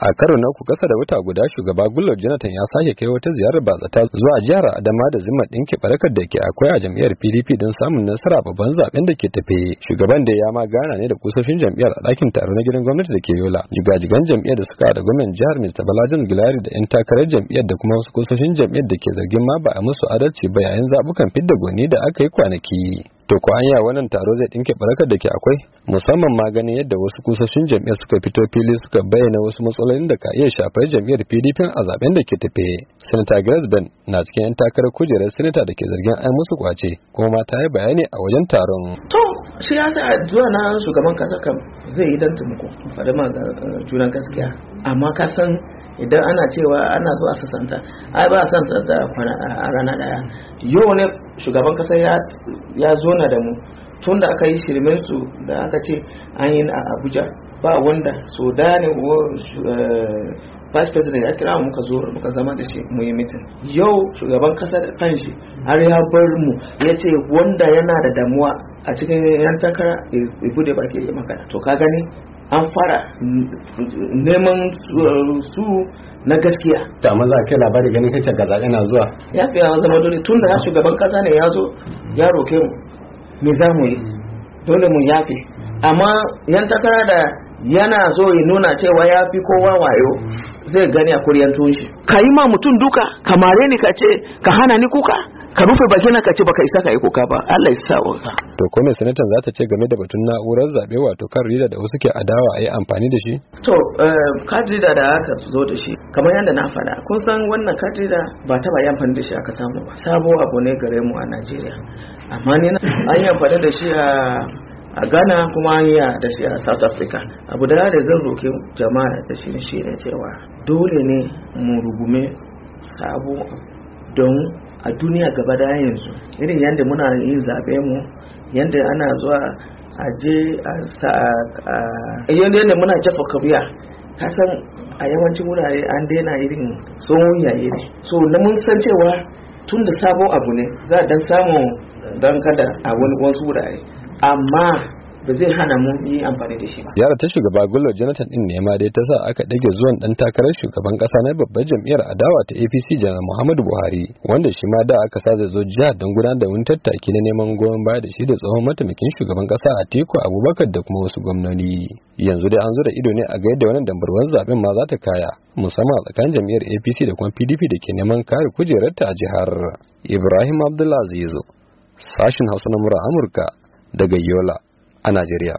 a karo na uku kasa da wata guda shugaba gullo jonathan ya sake kai wata ziyarar batsata zuwa jihar adama da zimmar ɗinke barakar da ke akwai a jam'iyyar pdp don samun nasara babban zaben da ke tafe shugaban da ya ma gana ne da kusoshin jam'iyyar a ɗakin taro na gidan gwamnati da ke yola jigajigan jam'iyyar da suka da gwamnan jihar mr balajan gilari da yan takarar jam'iyyar da kuma wasu kusoshin jam'iyyar da ke zargin ma ba a musu adalci ba yayin zabukan fidda gwani da aka yi kwanaki to ko an wannan taro zai dinke barakar da ke akwai musamman ma ganin yadda wasu kusoshin jam'iyyar suka fito fili suka bayyana wasu matsalolin da ka iya shafar jam'iyyar PDP a zaben da ke tafe Senator Grace Ben na cikin yan takarar kujerar senator da ke zargin ai musu kwace kuma ma ta yi bayani a wajen taron to shi ya sa zuwa na shugaban kasa kam zai yi dan muku fadama ma junan gaskiya amma ka san idan ana cewa ana zuwa sassanta ai ba a san santa a rana daya yau ne shugaban kasa ya zo na da mu tun da aka yi shirmen su da aka ce an yi a abuja ba wanda so da ne eh, vice president ya kira muka zo muka zama da shi mu yi mitin yau shugaban kasa da shi har ya bar mu ya ce wanda yana da damuwa a cikin yan takara ya bude barke ya magana to ka gani an fara neman su na gaskiya ta maza kai labari ganin kace gaza yana zuwa ya fi yawan zama dole tun da ya shugaban kasa ne ya zo ya roke mu me za mu yi dole mu yafe amma yan takara da yana zo ya nuna cewa ya fi kowa wayo zai gani a kuryan tushe ka yi ma mutum duka kamare ni ka ce ka hana ni kuka ka rufe bakin ka ce baka isa ka yi kuka ba Allah ya sa wanka to ko me sanatan za ta ce game da batun na'urar zabe wato kan rida da wasu ke adawa a yi amfani da shi to kan eh, rida da aka zo da shi kamar yadda na faɗa kun san wannan kan rida ba ta yi amfani da shi aka samu ba sabo abu ne gare mu a Najeriya amma ne an yi amfani da shi a a ghana kuma an a da shi a south africa abu da da zan roke jama'a da shi ne cewa dole ne mu rugume sabo don a duniya gaba da yanzu irin yadda muna yin zaɓe mu yadda ana zuwa a je a yadda muna jafa kabiya kasan a yawancin wurare an daina irin tsohon yayi ne so na mun san cewa tun da sabon abu ne za a dan samun don kada a wani wasu wurare amma ba zai hana mu yi amfani da shi ba. Yara ta shugaba Gullo Jonathan din ne ma dai ta sa aka dage zuwan dan takarar shugaban kasa na babbar jam'iyyar adawa ta APC Janar Muhammadu Buhari wanda shi ma da aka sa zai zo jihar don gudanar da wani tattaki na neman goyon baya da shi da tsohon mataimakin shugaban kasa teku Abubakar da kuma wasu gwamnoni. Yanzu dai an zura ido ne a ga yadda wannan dambarwar zaben ma za ta kaya musamman a tsakanin jam'iyyar APC da kuma PDP da ke neman kare kujerarta a jihar. Ibrahim Abdulaziz. sashen sashin Hausa na Amurka daga Yola. a Najeriya.